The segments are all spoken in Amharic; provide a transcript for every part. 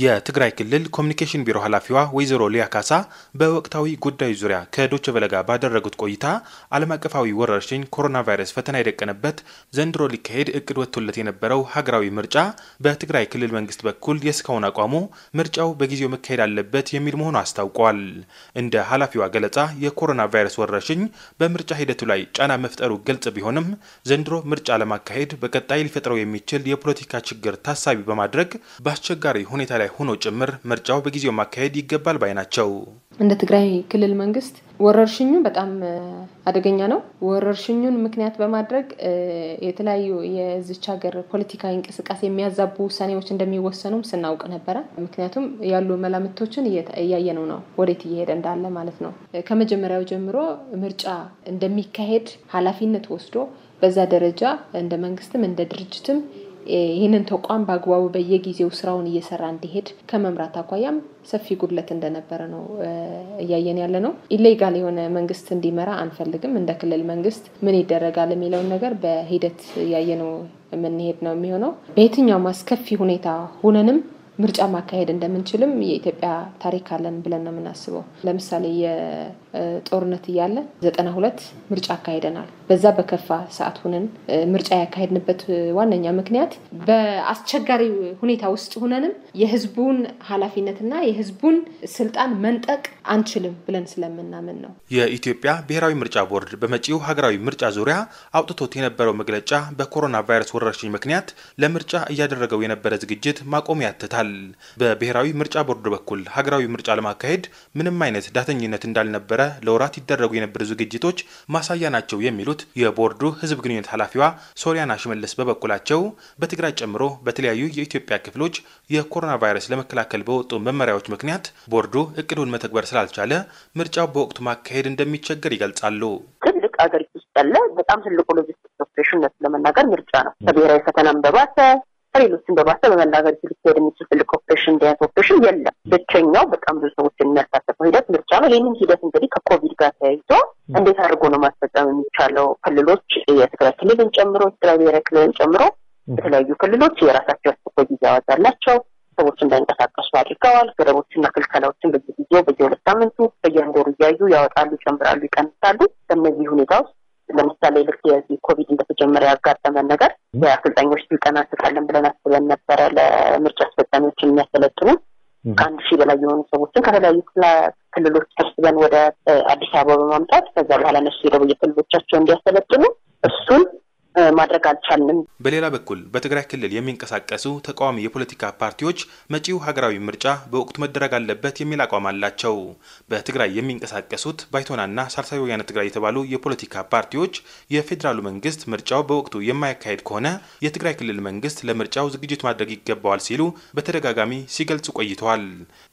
የትግራይ ክልል ኮሚኒኬሽን ቢሮ ኃላፊዋ ወይዘሮ ሊያ ካሳ በወቅታዊ ጉዳዩ ዙሪያ ከዶች በለጋ ባደረጉት ቆይታ ዓለም አቀፋዊ ወረርሽኝ ኮሮና ቫይረስ ፈተና የደቀነበት ዘንድሮ ሊካሄድ እቅድ ወጥቶለት የነበረው ሀገራዊ ምርጫ በትግራይ ክልል መንግስት በኩል የእስካሁን አቋሙ ምርጫው በጊዜው መካሄድ አለበት የሚል መሆኑ አስታውቋል። እንደ ኃላፊዋ ገለጻ የኮሮና ቫይረስ ወረርሽኝ በምርጫ ሂደቱ ላይ ጫና መፍጠሩ ግልጽ ቢሆንም ዘንድሮ ምርጫ ለማካሄድ በቀጣይ ሊፈጥረው የሚችል የፖለቲካ ችግር ታሳቢ በማድረግ በአስቸጋሪ ሁኔታ ላይ ሆኖ ጭምር ምርጫው በጊዜው ማካሄድ ይገባል ባይ ናቸው። እንደ ትግራይ ክልል መንግስት ወረርሽኙ በጣም አደገኛ ነው። ወረርሽኙን ምክንያት በማድረግ የተለያዩ የዚች ሀገር ፖለቲካዊ እንቅስቃሴ የሚያዛቡ ውሳኔዎች እንደሚወሰኑም ስናውቅ ነበረ። ምክንያቱም ያሉ መላምቶችን እያየነው ነው፣ ወዴት እየሄደ እንዳለ ማለት ነው። ከመጀመሪያው ጀምሮ ምርጫ እንደሚካሄድ ኃላፊነት ወስዶ በዛ ደረጃ እንደ መንግስትም እንደ ድርጅትም ይህንን ተቋም በአግባቡ በየጊዜው ስራውን እየሰራ እንዲሄድ ከመምራት አኳያም ሰፊ ጉድለት እንደነበረ ነው እያየን ያለ ነው። ኢሌጋል የሆነ መንግስት እንዲመራ አንፈልግም። እንደ ክልል መንግስት ምን ይደረጋል የሚለውን ነገር በሂደት እያየ ነው የምንሄድ ነው የሚሆነው። በየትኛውም አስከፊ ሁኔታ ሁነንም ምርጫ ማካሄድ እንደምንችልም የኢትዮጵያ ታሪክ አለን ብለን ነው የምናስበው። ለምሳሌ የጦርነት እያለ ዘጠና ሁለት ምርጫ አካሄደናል። በዛ በከፋ ሰዓት ሁነን ምርጫ ያካሄድንበት ዋነኛ ምክንያት በአስቸጋሪ ሁኔታ ውስጥ ሁነንም የህዝቡን ኃላፊነትና የህዝቡን ስልጣን መንጠቅ አንችልም ብለን ስለምናምን ነው። የኢትዮጵያ ብሔራዊ ምርጫ ቦርድ በመጪው ሀገራዊ ምርጫ ዙሪያ አውጥቶት የነበረው መግለጫ በኮሮና ቫይረስ ወረርሽኝ ምክንያት ለምርጫ እያደረገው የነበረ ዝግጅት ማቆም ያትታል። ይገኛል። በብሔራዊ ምርጫ ቦርድ በኩል ሀገራዊ ምርጫ ለማካሄድ ምንም አይነት ዳተኝነት እንዳልነበረ ለወራት ይደረጉ የነበሩ ዝግጅቶች ማሳያ ናቸው የሚሉት የቦርዱ ህዝብ ግንኙነት ኃላፊዋ ሶሊያና ሽመልስ በበኩላቸው በትግራይ ጨምሮ በተለያዩ የኢትዮጵያ ክፍሎች የኮሮና ቫይረስ ለመከላከል በወጡ መመሪያዎች ምክንያት ቦርዱ እቅዱን መተግበር ስላልቻለ ምርጫው በወቅቱ ማካሄድ እንደሚቸገር ይገልጻሉ። ትልቅ አገሪቱ ውስጥ ያለ በጣም ትልቁ ሎጂስቲክ ኦፕሬሽን ለመናገር ምርጫ ነው። ከብሔራዊ ፈተናም በባሰ ሌሎችን በባሰ በመናገር ሊካሄድ የሚችል ትልቅ ኦፕሬሽን እንዲህ ኦፕሬሽን የለም። ብቸኛው በጣም ብዙ ሰዎች የሚያሳተፈው ሂደት ምርጫ ነው። ይህንን ሂደት እንግዲህ ከኮቪድ ጋር ተያይዞ እንዴት አድርጎ ነው ማስፈጸም የሚቻለው? ክልሎች የትግራይ ክልልን ጨምሮ የትግራይ ብሔራዊ ክልልን ጨምሮ የተለያዩ ክልሎች የራሳቸው አስቸኳይ ጊዜ አዋጅ አላቸው። ሰዎች እንዳይንቀሳቀሱ አድርገዋል። ገደቦችና ክልከላዎችን በየጊዜው በየሁለት ሳምንቱ በየአንድ ወሩ እያዩ ያወጣሉ፣ ይጨምራሉ፣ ይቀንሳሉ። በእነዚህ ሁኔታ ውስጥ ለምሳሌ ልክ የዚህ ኮቪድ እንደተጀመረ ያጋጠመን ነገር የአሰልጣኞች ስልጠና እንሰጣለን ብለን አስበን ነበረ። ለምርጫ አስፈጻሚዎች የሚያሰለጥኑ ከአንድ ሺህ በላይ የሆኑ ሰዎችን ከተለያዩ ክልሎች ሰብስበን ወደ አዲስ አበባ በማምጣት ከዛ በኋላ እነሱ ሄደው የክልሎቻቸው እንዲያሰለጥኑ እሱን ማድረግ አልቻልንም። በሌላ በኩል በትግራይ ክልል የሚንቀሳቀሱ ተቃዋሚ የፖለቲካ ፓርቲዎች መጪው ሀገራዊ ምርጫ በወቅቱ መደረግ አለበት የሚል አቋም አላቸው። በትግራይ የሚንቀሳቀሱት ባይቶናና ሳልሳዊ ወያነ ትግራይ የተባሉ የፖለቲካ ፓርቲዎች የፌዴራሉ መንግስት ምርጫው በወቅቱ የማያካሄድ ከሆነ የትግራይ ክልል መንግስት ለምርጫው ዝግጅት ማድረግ ይገባዋል ሲሉ በተደጋጋሚ ሲገልጹ ቆይተዋል።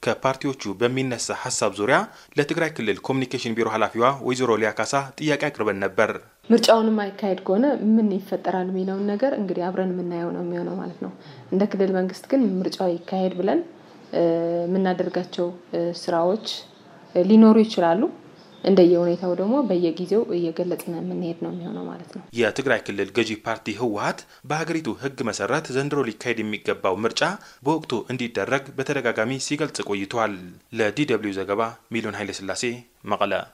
ከፓርቲዎቹ በሚነሳ ሀሳብ ዙሪያ ለትግራይ ክልል ኮሚኒኬሽን ቢሮ ኃላፊዋ ወይዘሮ ሊያ ካሳ ጥያቄ አቅርበን ነበር። ምርጫውን የማይካሄድ ከሆነ ምን ይፈጠራል የሚለውን ነገር እንግዲህ አብረን የምናየው ነው የሚሆነው ማለት ነው። እንደ ክልል መንግስት ግን ምርጫው ይካሄድ ብለን የምናደርጋቸው ስራዎች ሊኖሩ ይችላሉ። እንደየሁኔታው ደግሞ በየጊዜው እየገለጽን የምንሄድ ነው የሚሆነው ማለት ነው። የትግራይ ክልል ገዢ ፓርቲ ህወሀት በሀገሪቱ ህግ መሰረት ዘንድሮ ሊካሄድ የሚገባው ምርጫ በወቅቱ እንዲደረግ በተደጋጋሚ ሲገልጽ ቆይቷል። ለዲ ደብልዩ ዘገባ ሚሊዮን ኃይለስላሴ መቀለ